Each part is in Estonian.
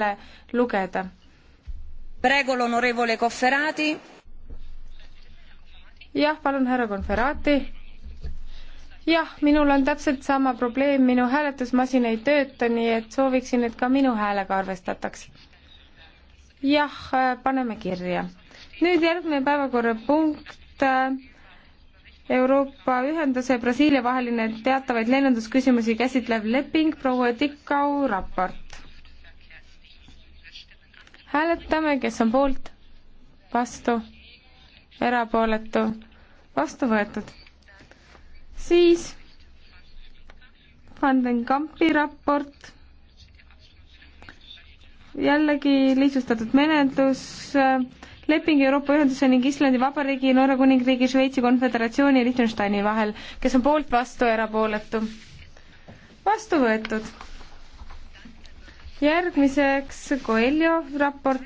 järele lugeda. Prego l'onorevole Cofferati. jah, palun, härra Conferati. jah, minul on täpselt sama probleem, minu hääletusmasin ei tööta, nii et sooviksin, et ka minu häälega arvestataks. jah, paneme kirja. nüüd järgmine päevakorrapunkt äh, Euroopa Ühenduse ja Brasiilia vaheline teatavaid lennundusküsimusi käsitlev leping, proua Tikau raport hääletame, kes on poolt, vastu, erapooletu, vastu võetud. siis Vandenkampi raport, jällegi lihtsustatud menetlus, leping Euroopa Ühenduse ning Islandi Vabariigi, Norra Kuningriigi, Šveitsi Konföderatsiooni ja Liechtensteini vahel, kes on poolt, vastu, erapooletu. vastu võetud järgmiseks Coelho raport,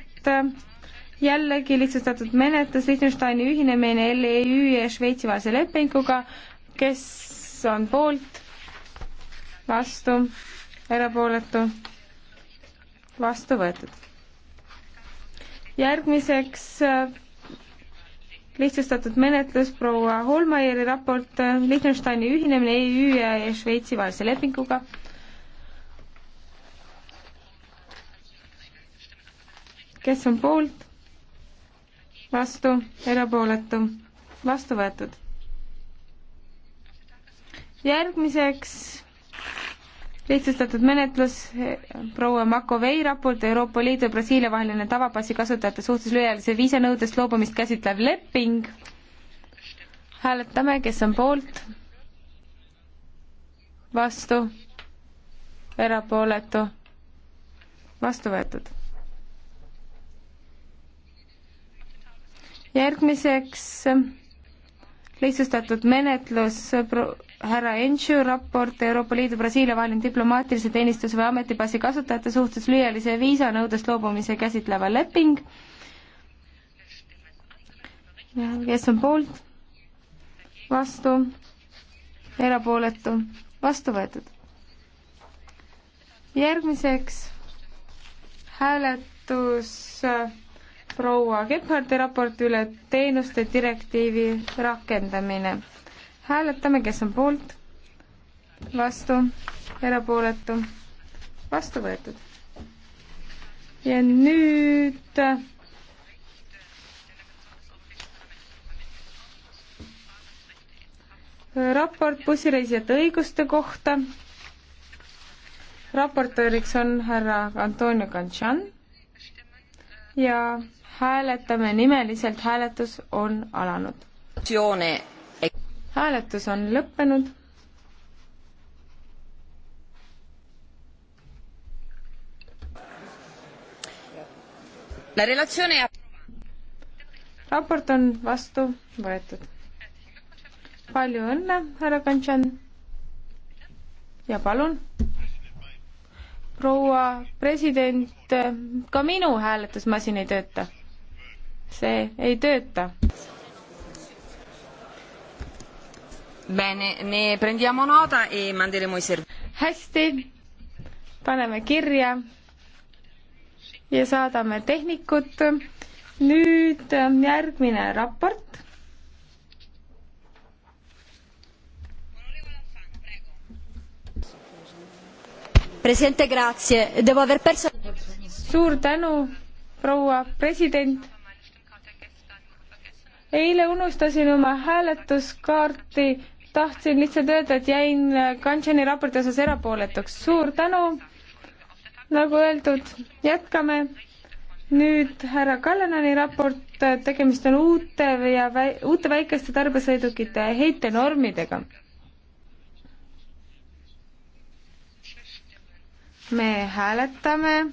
jällegi lihtsustatud menetlus, Liechtensteini ühinemine LEÜ ja Šveitsi vahelise lepinguga, kes on poolt, vastu, erapooletu, vastu võetud. järgmiseks lihtsustatud menetlus proua Holmeieri raport Liechtensteini ühinemine EÜ ja Šveitsi vahelise lepinguga kes on poolt, vastu, erapooletu, vastu võetud. järgmiseks lihtsustatud menetlus proua Makovei raport Euroopa Liidu ja Brasiilia vaheline tavapassi kasutajate suhtes lühiajalise viisanõudest loobumist käsitlev leping. hääletame, kes on poolt, vastu, erapooletu, vastu võetud järgmiseks lihtsustatud menetlus härra Enšu raport Euroopa Liidu Brasiilia vaheline diplomaatilise teenistuse või ametipaasi kasutajate suhtes lühiajalise viisanõudest loobumise käsitleva leping. kes on poolt? vastu? erapooletu? vastu võetud. järgmiseks hääletus proua Gebhardi raporti üle teenuste direktiivi rakendamine. hääletame, kes on poolt, vastu, erapooletu, vastu võetud. ja nüüd raport bussireisijate õiguste kohta. raportööriks on härra Antonio Cancian ja hääletame nimeliselt, hääletus on alanud. hääletus on lõppenud. raport on vastu võetud. palju õnne, härra Kantšan. ja palun proua president, ka minu hääletusmasin ei tööta see ei tööta. E hästi, paneme kirja ja saadame tehnikud. nüüd ähm, järgmine raport. presidente, grazie, devo aver perso. suur tänu, proua president eile unustasin oma hääletuskaarti, tahtsin lihtsalt öelda, et jäin Kancheni raporti osas erapooletuks. suur tänu, nagu öeldud, jätkame. nüüd härra Kallenani raport, tegemist on uute ja väi-, uute väikeste tarbesõidukite heitenormidega. me hääletame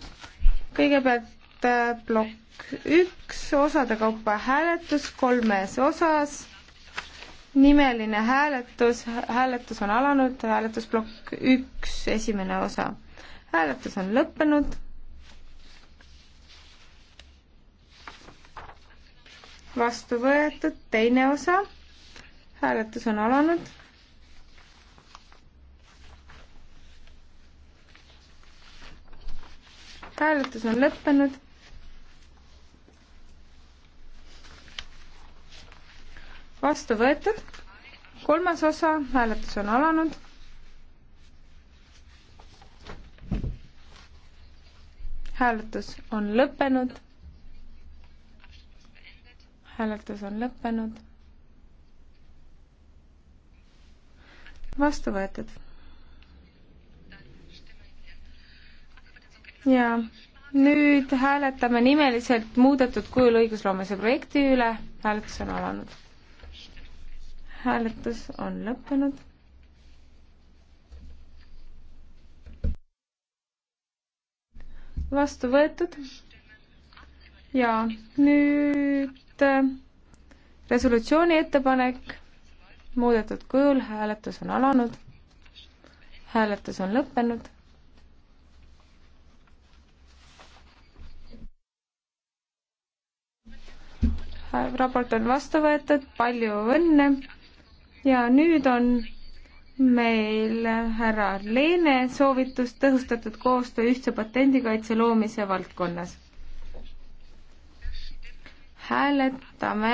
kõigepealt äh, plokk üks osade kaupa hääletus kolmes osas, nimeline hääletus, hääletus on alanud, hääletusplokk üks, esimene osa. hääletus on lõppenud. vastu võetud teine osa, hääletus on alanud hääletus on lõppenud. vastu võetud. kolmas osa, hääletus on alanud. hääletus on lõppenud. hääletus on lõppenud. vastu võetud. ja nüüd hääletame nimeliselt muudetud kujul õigusloomelise projekti üle. hääletus on alanud hääletus on lõppenud. vastu võetud. ja nüüd äh, resolutsiooni ettepanek muudetud kujul, hääletus on alanud. hääletus on lõppenud. raport on vastu võetud, palju õnne ja nüüd on meil härra Leene soovitus tõhustatud koostöö ühtse patendikaitse loomise valdkonnas. hääletame,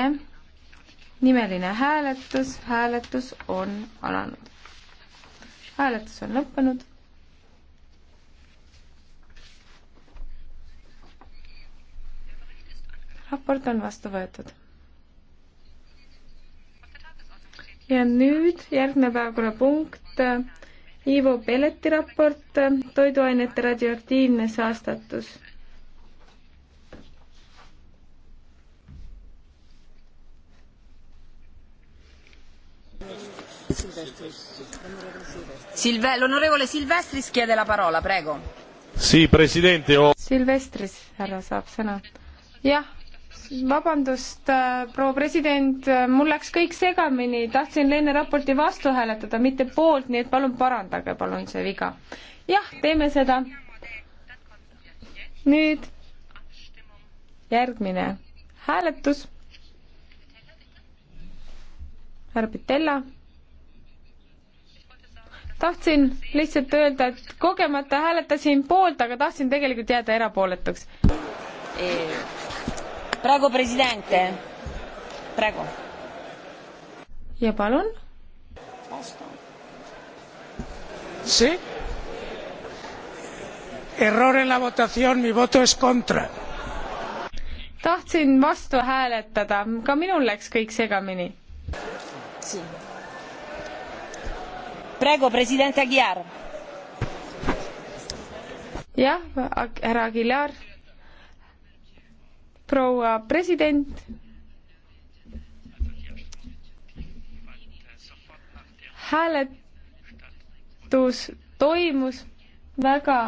nimeline hääletus, hääletus on alanud. hääletus on lõppenud raport on vastu võetud ja nüüd järgmine päevakorrapunkt, äh, Ivo Pelleti raport, äh, toiduainete radioaktiivne saastatus. Silve-, l'onorevole Silvestris chiede la parola, prego. Sì, presidente o.... Silvestris härra saab sõna. jah vabandust, äh, proua president, mul läks kõik segamini, tahtsin Leene raporti vastu hääletada, mitte poolt, nii et palun parandage palun see viga. jah, teeme seda. nüüd järgmine hääletus. härra Pitella. tahtsin lihtsalt öelda, et kogemata hääletasin poolt, aga tahtsin tegelikult jääda erapooletuks e praegu president, praegu. ja palun. see? Error en la votación, mi voto es contra. tahtsin vastu hääletada, ka minul läks kõik segamini. praegu president Aguiar. jah, härra Aguilar proua president. hääletus toimus väga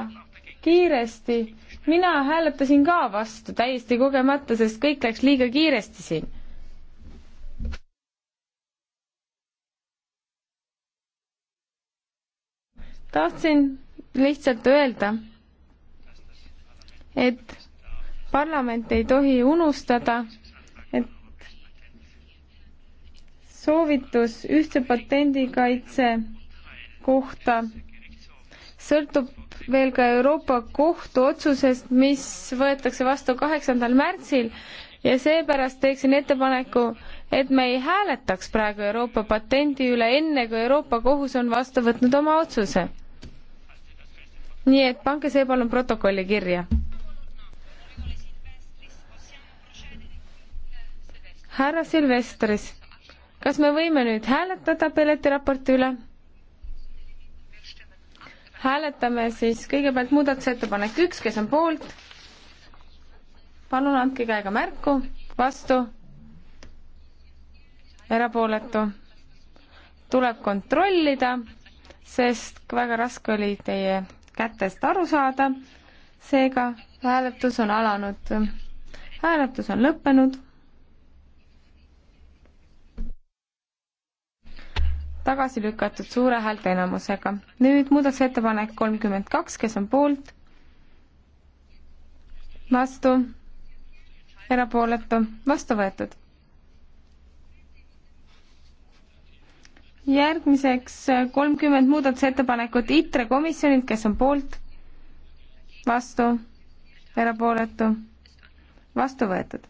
kiiresti. mina hääletasin ka vastu täiesti kogemata, sest kõik läks liiga kiiresti siin. tahtsin lihtsalt öelda, et parlament ei tohi unustada, et soovitus ühtse patendikaitse kohta sõltub veel ka Euroopa Kohtu otsusest, mis võetakse vastu kaheksandal märtsil ja seepärast teeksin ettepaneku, et me ei hääletaks praegu Euroopa patendi üle, enne kui Euroopa Kohus on vastu võtnud oma otsuse. nii et pange see palun protokolli kirja härra Silvestris, kas me võime nüüd hääletada Peleti raporti üle? hääletame siis kõigepealt muudatusettepanek üks, kes on poolt. palun andke käega märku, vastu, erapooletu. tuleb kontrollida, sest väga raske oli teie kätest aru saada. seega hääletus on alanud. hääletus on lõppenud tagasi lükatud suure häälteenamusega. nüüd muudatusettepanek kolmkümmend kaks, kes on poolt? vastu? erapooletu? vastu võetud. järgmiseks kolmkümmend muudatusettepanekut ITRE komisjonilt, kes on poolt? vastu? erapooletu? vastu võetud.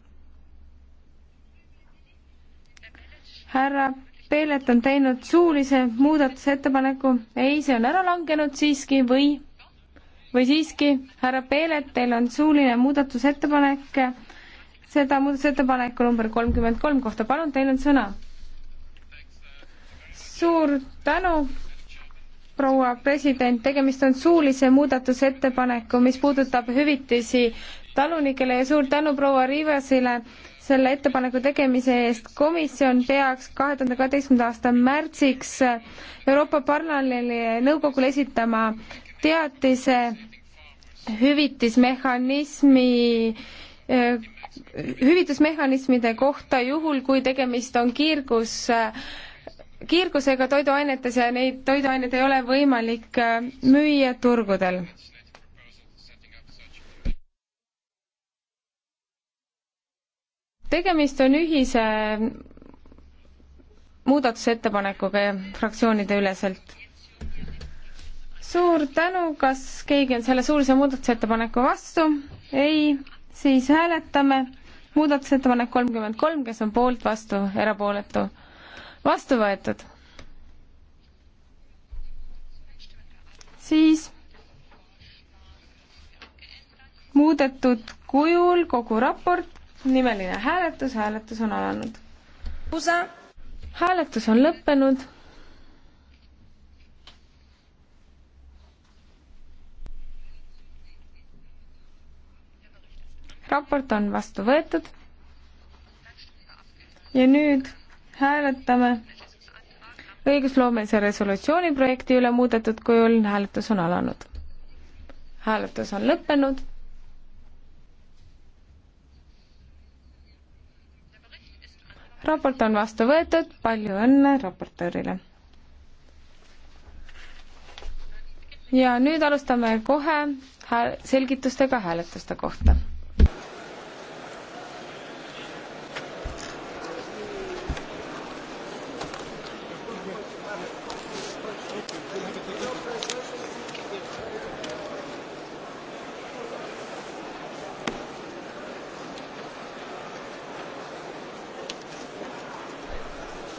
härra Peelet on teinud suulise muudatusettepaneku. ei, see on ära langenud siiski või, või siiski, härra Peelet, teil on suuline muudatusettepanek, seda muudatusettepaneku number kolmkümmend kolm kohta, palun, teil on sõna. suur tänu, proua president, tegemist on suulise muudatusettepaneku, mis puudutab hüvitisi talunikele ja suur tänu proua Riivasile selle ettepaneku tegemise eest. komisjon peaks kahe tuhande kaheteistkümnenda aasta märtsiks Euroopa Parlamendile nõukogule esitama teatise hüvitismehhanismi hüvitusmehhanismide kohta juhul, kui tegemist on kiirgus, kiirgusega toiduainetes ja neid toiduaineid ei ole võimalik müüa turgudel tegemist on ühise muudatusettepanekuga fraktsioonide üleselt. suur tänu, kas keegi on selle suurise muudatusettepaneku vastu? ei, siis hääletame. muudatusettepanek kolmkümmend kolm, kes on poolt, vastu, erapooletu? vastu võetud. siis muudetud kujul kogu raport, nimeline hääletus, hääletus on alanud. hääletus on lõppenud. raport on vastu võetud. ja nüüd hääletame õigusloomelise resolutsiooni projekti üle muudetud kujul, hääletus on alanud. hääletus on lõppenud raport on vastu võetud, palju õnne raportöörile. ja nüüd alustame kohe hääl-, selgitustega hääletuste kohta